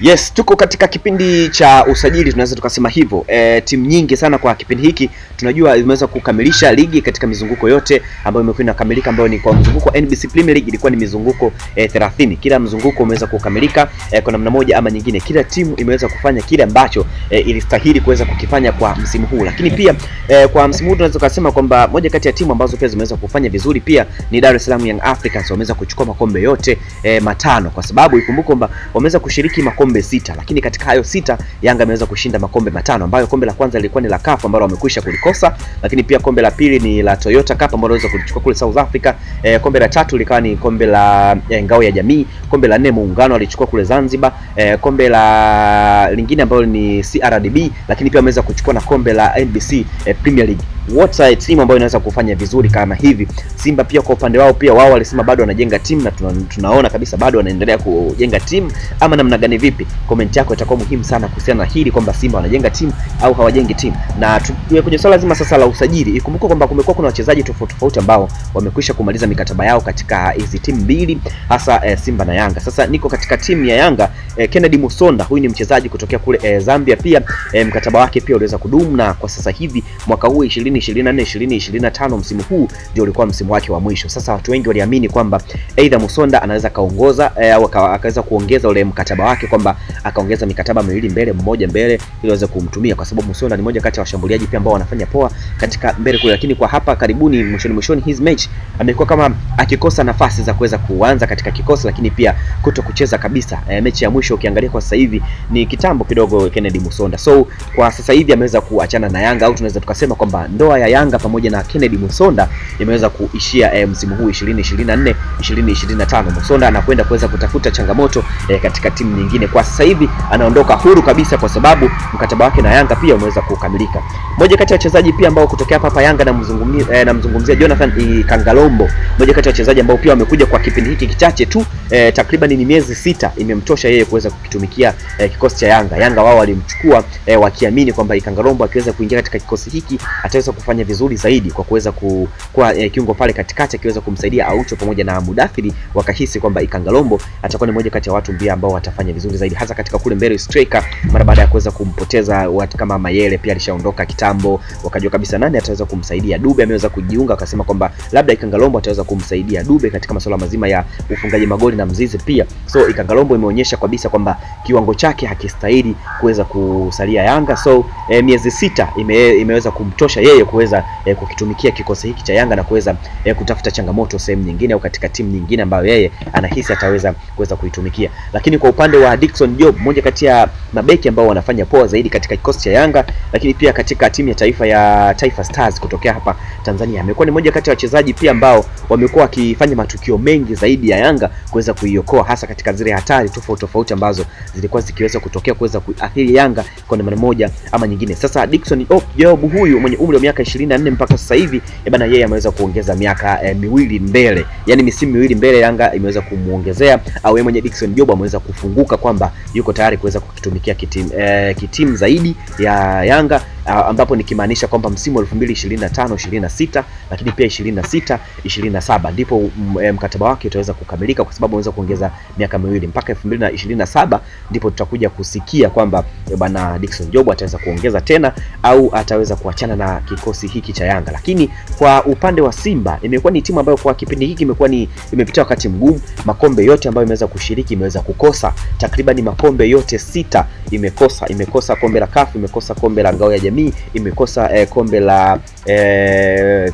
Yes, tuko katika kipindi cha usajili tunaweza tukasema hivyo. E, eh, timu nyingi sana kwa kipindi hiki tunajua imeweza kukamilisha ligi katika mizunguko yote ambayo imekuwa inakamilika, ambayo ni kwa mzunguko wa NBC Premier League ilikuwa ni mizunguko e, eh, 30. Kila mzunguko umeweza kukamilika e, kwa namna moja ama nyingine. Kila timu imeweza kufanya kile ambacho e, ilistahili kuweza kukifanya kwa msimu huu, lakini pia e, kwa msimu huu tunaweza tukasema kwamba moja kati ya timu ambazo pia zimeweza kufanya vizuri pia ni Dar es Salaam Young Africans. Wameweza kuchukua makombe yote e, matano, kwa sababu ikumbuke kwamba wameweza kushiriki makombe makombe sita, lakini katika hayo sita Yanga ameweza kushinda makombe matano, ambayo kombe la kwanza lilikuwa ni la CAF ambalo wamekwisha kulikosa, lakini pia kombe la pili ni la Toyota Cup ambalo waliweza kulichukua kule South Africa. E, kombe la tatu likawa ni kombe la e, ngao ya jamii. Kombe la nne muungano alichukua kule Zanzibar. E, kombe la lingine ambalo ni CRDB, lakini pia ameweza kuchukua na kombe la NBC e, Premier League water timu ambayo inaweza kufanya vizuri kama hivi. Simba pia kwa upande wao pia wao walisema bado wanajenga timu na tuna, tunaona kabisa bado wanaendelea kujenga timu ama namna gani vipi? Comment yako itakuwa muhimu sana kuhusiana na hili kwamba Simba wanajenga timu au hawajengi timu. Na kwenye swala zima sasa la usajili, ikumbuke kwamba kumekuwa kuna wachezaji tofauti tofauti ambao wamekwisha kumaliza mikataba yao katika hizi timu mbili hasa e, Simba na Yanga. Sasa niko katika timu ya Yanga e, Kennedy Musonda huyu ni mchezaji kutokea kule e, Zambia pia e, mkataba wake pia uliweza kudumu na kwa sasa hivi mwaka huu 20 2024 2025 msimu huu ndio ulikuwa msimu wake wa mwisho. Sasa watu wengi waliamini kwamba aidha Musonda anaweza kaongoza eh, au eh, akaweza kuongeza ule mkataba wake kwamba akaongeza mikataba miwili mbele, mmoja mbele ili aweze kumtumia, kwa sababu Musonda ni moja kati ya washambuliaji pia ambao wanafanya poa katika mbele kule, lakini kwa hapa karibuni mwishoni mwishoni his match amekuwa kama akikosa nafasi za kuweza kuanza katika kikosi, lakini pia kuto kucheza kabisa. E, mechi ya mwisho ukiangalia kwa sasa hivi ni kitambo kidogo Kennedy Musonda. So kwa sasa hivi ameweza kuachana na Yanga au tunaweza tukasema kwamba ndo ndoa ya Yanga pamoja na Kennedy Musonda imeweza kuishia eh, msimu huu 2024 2025. Musonda anakwenda kuweza kutafuta changamoto eh, katika timu nyingine. Kwa sasa hivi anaondoka huru kabisa, kwa sababu mkataba wake na Yanga pia umeweza kukamilika. Mmoja kati ya wachezaji pia ambao kutokea hapa Yanga namzungumzia eh, namzungumzia Jonathan Kangalombo, mmoja kati ya wachezaji ambao pia wamekuja kwa kipindi hiki kichache tu eh, takriban ni miezi sita imemtosha yeye kuweza kukitumikia eh, kikosi cha Yanga. Yanga wao walimchukua eh, wakiamini kwamba Kangalombo akiweza kuingia katika kikosi hiki ataweza kufanya vizuri zaidi kwa kuweza kuwa eh, kiungo pale katikati akiweza kumsaidia Aucho pamoja na Mudathiri, wakahisi kwamba Ikangalombo atakuwa ni mmoja kati ya watu mbia ambao watafanya vizuri zaidi hasa katika kule mbele striker, mara baada ya kuweza kumpoteza watu kama Mayele, pia alishaondoka kitambo, wakajua kabisa nani ataweza kumsaidia. Dube ameweza kujiunga, akasema kwamba labda Ikangalombo ataweza kumsaidia Dube katika masuala mazima ya ufungaji magoli na mzizi pia. So Ikangalombo imeonyesha kabisa kwamba kiwango chake hakistahili kuweza kusalia Yanga. So eh, miezi sita ime, imeweza kumtosha yeye yeye eh, kuweza e, kukitumikia kikosi hiki cha Yanga na kuweza e, kutafuta changamoto sehemu nyingine au katika timu nyingine ambayo yeye anahisi ataweza kuweza kuitumikia. Lakini kwa upande wa Dickson Job, mmoja kati ya mabeki ambao wanafanya poa zaidi katika kikosi cha Yanga, lakini pia katika timu ya taifa ya Taifa Stars kutokea hapa Tanzania, amekuwa ni mmoja kati ya wachezaji pia ambao wamekuwa wakifanya matukio mengi zaidi ya Yanga kuweza kuiokoa hasa katika zile hatari tofauti tofauti ambazo zilikuwa zikiweza kutokea kuweza kuathiri Yanga kwa namna moja ama nyingine. Sasa Dickson Job huyu mwenye umri wa miaka 24 mpaka sasa hivi e bana, yeye ameweza kuongeza miaka e, miwili mbele, yani misimu miwili mbele. Yanga imeweza kumuongezea au yeye mwenye Dickson Job ameweza kufunguka kwamba yuko tayari kuweza kukitumikia kitim, e, kitimu zaidi ya Yanga Ah, ambapo nikimaanisha kwamba msimu wa 2025 26, lakini pia 26 27 ndipo mm, eh, mkataba wake utaweza kukamilika, kwa sababu unaweza kuongeza miaka miwili mpaka 2027. Ndipo tutakuja kusikia kwamba eh, bwana Dickson Job ataweza kuongeza tena au ataweza kuachana na kikosi hiki cha Yanga. Lakini kwa upande wa Simba imekuwa ni timu ambayo kwa kipindi hiki imekuwa ni imepitia wakati mgumu. Makombe yote ambayo imeweza kushiriki imeweza kukosa, takriban makombe yote sita imekosa, imekosa kombe la CAF, imekosa kombe la ngao ya jamii jamii imekosa eh, kombe la eh,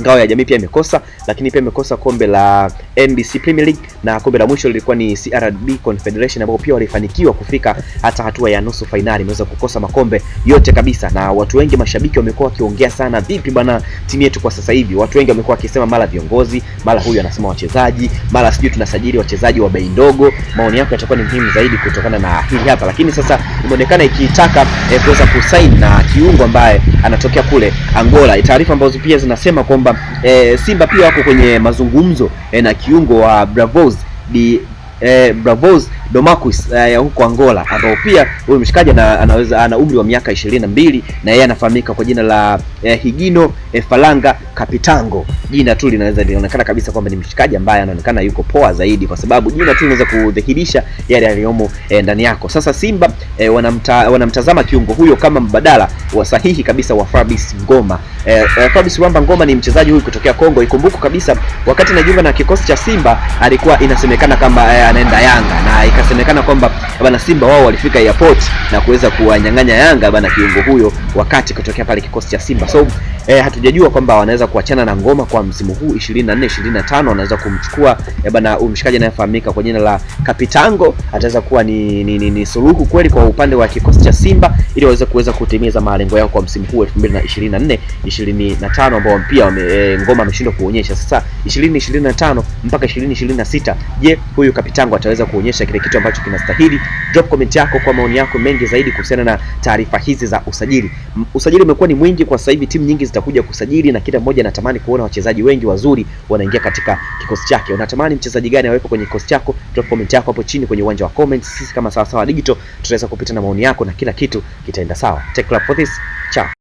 ngao ya jamii pia imekosa, lakini pia imekosa kombe la NBC Premier League na kombe la mwisho lilikuwa ni CRB Confederation ambapo pia walifanikiwa kufika hata hatua ya nusu fainali. Imeweza kukosa makombe yote kabisa, na watu wengi, mashabiki wamekuwa wakiongea sana, vipi bwana timu yetu kwa sasa hivi. Watu wengi wamekuwa wakisema mara viongozi, mara huyu anasema wachezaji, mara sijui tunasajili wachezaji wa bei ndogo. Maoni yako yatakuwa ni muhimu zaidi kutokana na hili hapa, lakini sasa imeonekana ikitaka eh, kuweza kusaini na kiungo ambaye anatokea kule Angola, taarifa ambazo pia zinasema kwamba kwamba e, Simba pia wako kwenye mazungumzo e, na kiungo wa Bravos di e, Bravos Domacus uh, eh, ya huko Angola ambao pia huyu mshikaji ana, anaweza ana umri wa miaka ishirini na mbili na yeye anafahamika kwa jina la uh, Higino uh, Falanga Kapitango. Jina tu linaweza lionekana kabisa kwamba ni mshikaji ambaye anaonekana yuko poa zaidi, kwa sababu jina tu linaweza kudhihirisha yale yaliyomo uh, ndani yako. Sasa Simba uh, wanamta, wanamtazama kiungo huyo kama mbadala wa sahihi kabisa wa Fabrice Ngoma. Eh, eh, Fabrice Wamba Ngoma ni mchezaji huyu kutokea Kongo. Ikumbuku kabisa wakati najiunga na kikosi cha Simba alikuwa inasemekana kama eh, anaenda Yanga na ikasemekana kwamba bana Simba wao walifika airport na kuweza kuwanyang'anya Yanga bana kiungo huyo wakati kutokea pale kikosi cha Simba. So eh, hatujajua kwamba wanaweza kuachana na ngoma kwa msimu huu 24 25, wanaweza kumchukua eh, bana umshikaji anayefahamika kwa jina la Kapitango, ataweza kuwa ni, ni, ni, ni suluhu kweli kwa upande wa kikosi cha Simba ili waweze kuweza kutimiza malengo yao kwa msimu huu 2024 25, ambao pia wame, eh, ngoma ameshindwa kuonyesha. Sasa 2025 mpaka 2026, je, huyu Kapitango ataweza kuonyesha kile kitu ambacho kinastahili drop comment yako kwa maoni yako mengi zaidi kuhusiana na taarifa hizi za usajili. Usajili umekuwa ni mwingi kwa sasa hivi, timu nyingi zitakuja kusajili na kila mmoja anatamani kuona wachezaji wengi wazuri wanaingia katika kikosi chake. Unatamani mchezaji gani awekwe kwenye kikosi chako? Drop comment yako hapo chini kwenye uwanja wa comments. Sisi kama Sawasawa Digital tutaweza kupita na maoni yako na kila kitu kitaenda sawa. Take care for this. Ciao.